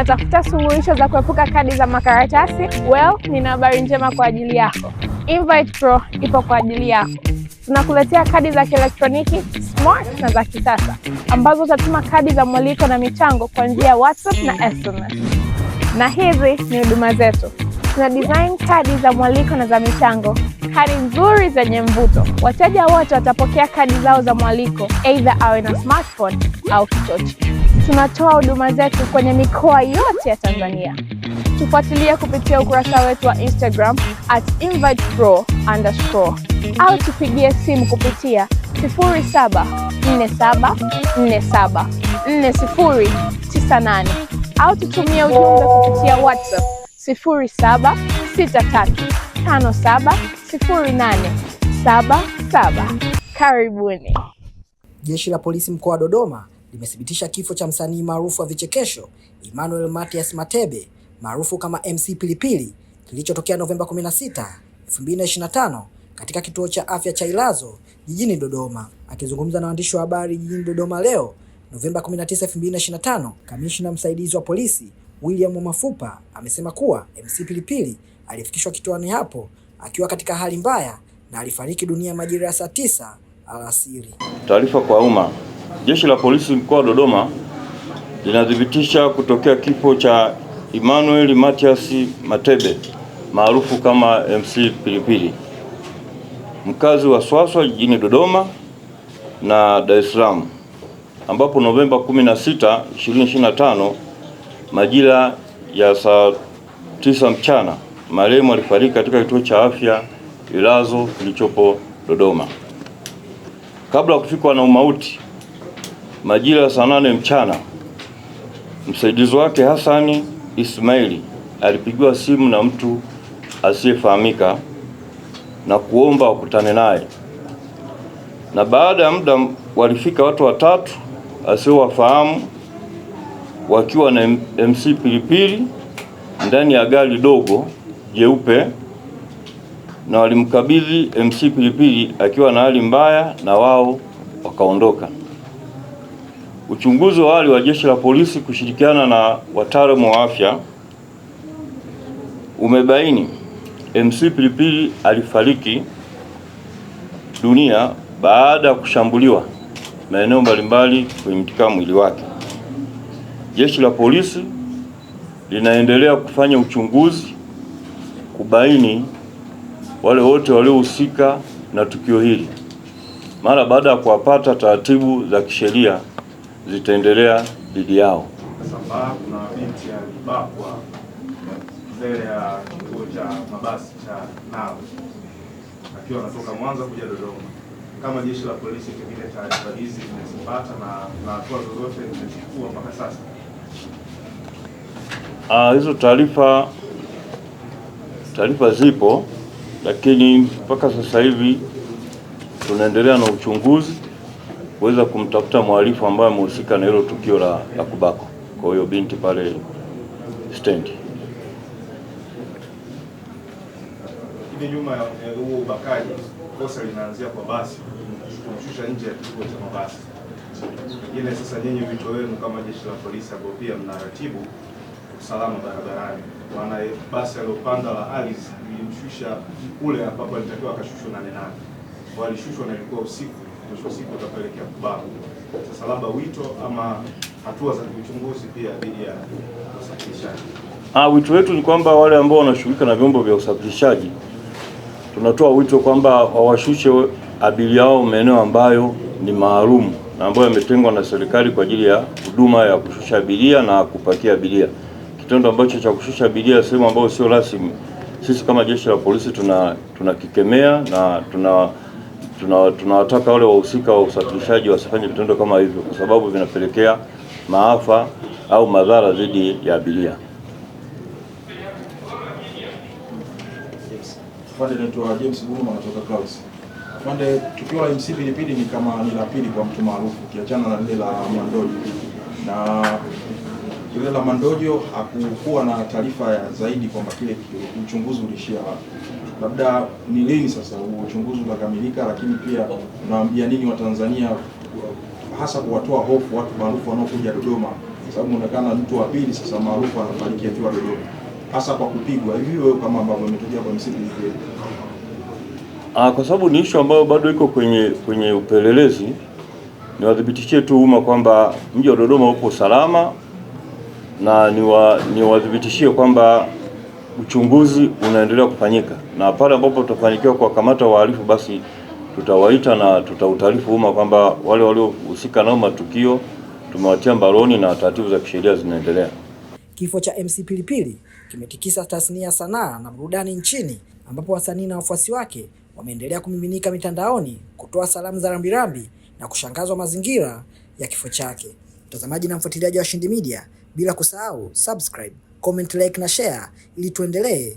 Unatafuta suluhisho za kuepuka kadi za makaratasi? Well, nina habari njema kwa ajili yako. Invite Pro ipo kwa ajili yako. Tunakuletea kadi za kielektroniki smart na za kisasa ambazo utatuma kadi za mwaliko na michango kwa njia ya WhatsApp na SMS. Na hizi ni huduma zetu. Tuna design kadi za mwaliko na za michango, kadi nzuri zenye mvuto. Wateja wote watapokea kadi zao za mwaliko, aidha awe na smartphone au kichochi tunatoa huduma zetu kwenye mikoa yote ya Tanzania. Tufuatilie kupitia ukurasa wetu wa Instagram at invitepro underscore au tupigie simu kupitia 0747474098 au tutumie ujumbe kupitia WhatsApp 0763570877. Karibuni. Jeshi la Polisi mkoa wa Dodoma limethibitisha kifo cha msanii maarufu wa vichekesho Emmanuel Matias Matebe maarufu kama MC Pilipili kilichotokea Novemba 16, 2025 katika kituo cha afya cha Ilazo jijini Dodoma. Akizungumza na waandishi wa habari jijini Dodoma leo Novemba 19, 2025, kamishna msaidizi wa polisi William Mafupa amesema kuwa MC Pilipili alifikishwa kituoni hapo akiwa katika hali mbaya na alifariki dunia majira ya saa 9 alasiri. Taarifa kwa umma. Jeshi la Polisi mkoa wa Dodoma linathibitisha kutokea kifo cha Emmanuel Mathias Matebe maarufu kama MC Pilipili, mkazi wa Swaswa jijini Dodoma na Dar es Salaam, ambapo Novemba 16, 2025 majira ya saa 9 mchana marehemu alifariki katika kituo cha afya Ilazo kilichopo Dodoma kabla ya kufikwa na umauti. Majira ya saa nane mchana msaidizi wake Hasani Ismaili alipigiwa simu na mtu asiyefahamika na kuomba wakutane naye, na baada ya muda walifika watu watatu asiowafahamu wakiwa na MC Pilipili ndani ya gari dogo jeupe, na walimkabidhi MC Pilipili akiwa na hali mbaya, na wao wakaondoka. Uchunguzi wa awali wa Jeshi la Polisi kushirikiana na wataalamu wa afya umebaini MC Pilipili alifariki dunia baada ya kushambuliwa maeneo mbalimbali kwenye mtikao mwili wake. Jeshi la Polisi linaendelea kufanya uchunguzi kubaini wale wote waliohusika na tukio hili mara baada ya kuwapata taratibu za kisheria zitaendelea dhidi yao. mbele ya cha mabasi cha Nao akiwa Mwanza kuja Dodoma. Kama jeshi la polisi taarifa hizi na hatua zozote mpaka sasa? Ah, hizo taarifa taarifa zipo, lakini mpaka sasa hivi tunaendelea na uchunguzi kuweza kumtafuta mhalifu ambaye amehusika na hilo tukio la, la kubako kwa hiyo binti pale stendi. Hivi nyuma ya huo ubakaji, kosa linaanzia kwa basi kumshusha nje ya kituo cha mabasi. Ile sasa, nyinyi wito wenu kama jeshi la polisi, ambao pia mnaratibu usalama barabarani, maana e, basi aliopanda la Alice ilimshusha kule ambapo alitakiwa akashushwa na nani, walishushwa na ilikuwa usiku mwisho siku utapelekea kubabu. Sasa labda wito ama hatua za kiuchunguzi pia dhidi ya usafirishaji. Ah, wito wetu ni kwamba wale ambao wanashughulika na vyombo vya usafirishaji tunatoa wito kwamba wawashushe abiria wao maeneo ambayo ni maalum na ambayo yametengwa na serikali kwa ajili ya huduma ya kushusha abiria na kupakia abiria. Kitendo ambacho cha kushusha abiria sehemu ambayo sio rasmi, sisi kama jeshi la polisi tuna tunakikemea na tuna tunawataka tuna wale wahusika wa usafirishaji wasifanye vitendo kama hivyo, kwa sababu vinapelekea maafa au madhara dhidi ya abiria. Afande, tukio la MC Pilipili ni kama ni la pili kwa mtu maarufu ukiachana na lile la Mandojo, na lile la Mandojo hakukuwa na taarifa zaidi kwamba kile uchunguzi ulishia wapi labda ni lini sasa uchunguzi utakamilika, lakini pia unawaambia nini Watanzania hasa kuwatoa hofu watu maarufu wanaokuja Dodoma, sababu inaonekana mtu wa pili sasa maarufu anafariki akiwa Dodoma, hasa kwa kupigwa hivi, wewe kama ambavyo umetokea kwa msingi Ah, kwa sababu ni issue ambayo bado iko kwenye kwenye upelelezi. Niwadhibitishie tu umma kwamba mji wa Dodoma upo salama na niwathibitishie kwamba uchunguzi unaendelea kufanyika, na pale ambapo tutafanikiwa kuwakamata wahalifu, basi tutawaita na tutautaarifu umma kwamba wale waliohusika nao matukio tumewatia mbaroni na taratibu za kisheria zinaendelea. Kifo cha MC Pilipili kimetikisa tasnia ya sanaa na burudani nchini, ambapo wasanii na wafuasi wake wameendelea kumiminika mitandaoni kutoa salamu za rambirambi na kushangazwa mazingira ya kifo chake. Mtazamaji na mfuatiliaji wa Washindi Media, bila kusahau subscribe comment, like na share ili tuendelee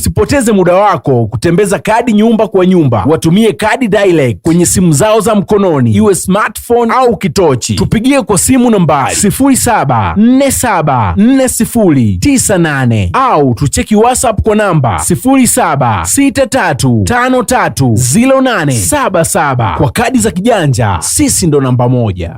Usipoteze muda wako kutembeza kadi nyumba kwa nyumba, watumie kadi dialect kwenye simu zao za mkononi, iwe smartphone au kitochi. Tupigie kwa simu nambari 07474098 au tucheki WhatsApp kwa namba 0763530877. Kwa kadi za kijanja, sisi ndo namba moja.